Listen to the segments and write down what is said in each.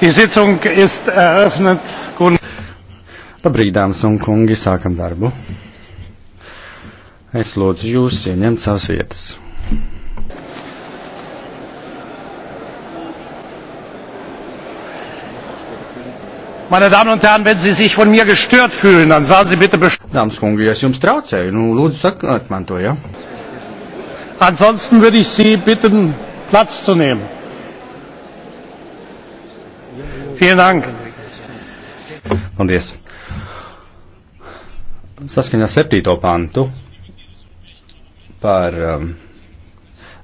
Die Sitzung ist eröffnet. Labrīt, dāmas un kungi, sākam darbu. Es lūdzu jūs ieņemt savas vietas. Meine Damen und Herren, wenn Sie sich von mir gestört fühlen, dann sagen Sie bitte Bescheid. Dāmas kungi, es jums traucēju, nu lūdzu sakiet man to, ja? Ansonsten würde ich Sie bitten, Platz zu nehmen. Vielen Dank! Paldies! Saskaņā septīto pantu par um,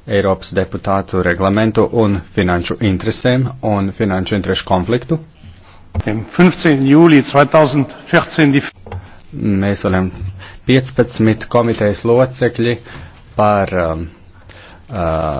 Eiropas deputātu reglamentu un finanšu interesēm un finanšu interesu konfliktu. 15. Jūlī 2014. Mēs varam 15 komitejas locekļi par um, uh,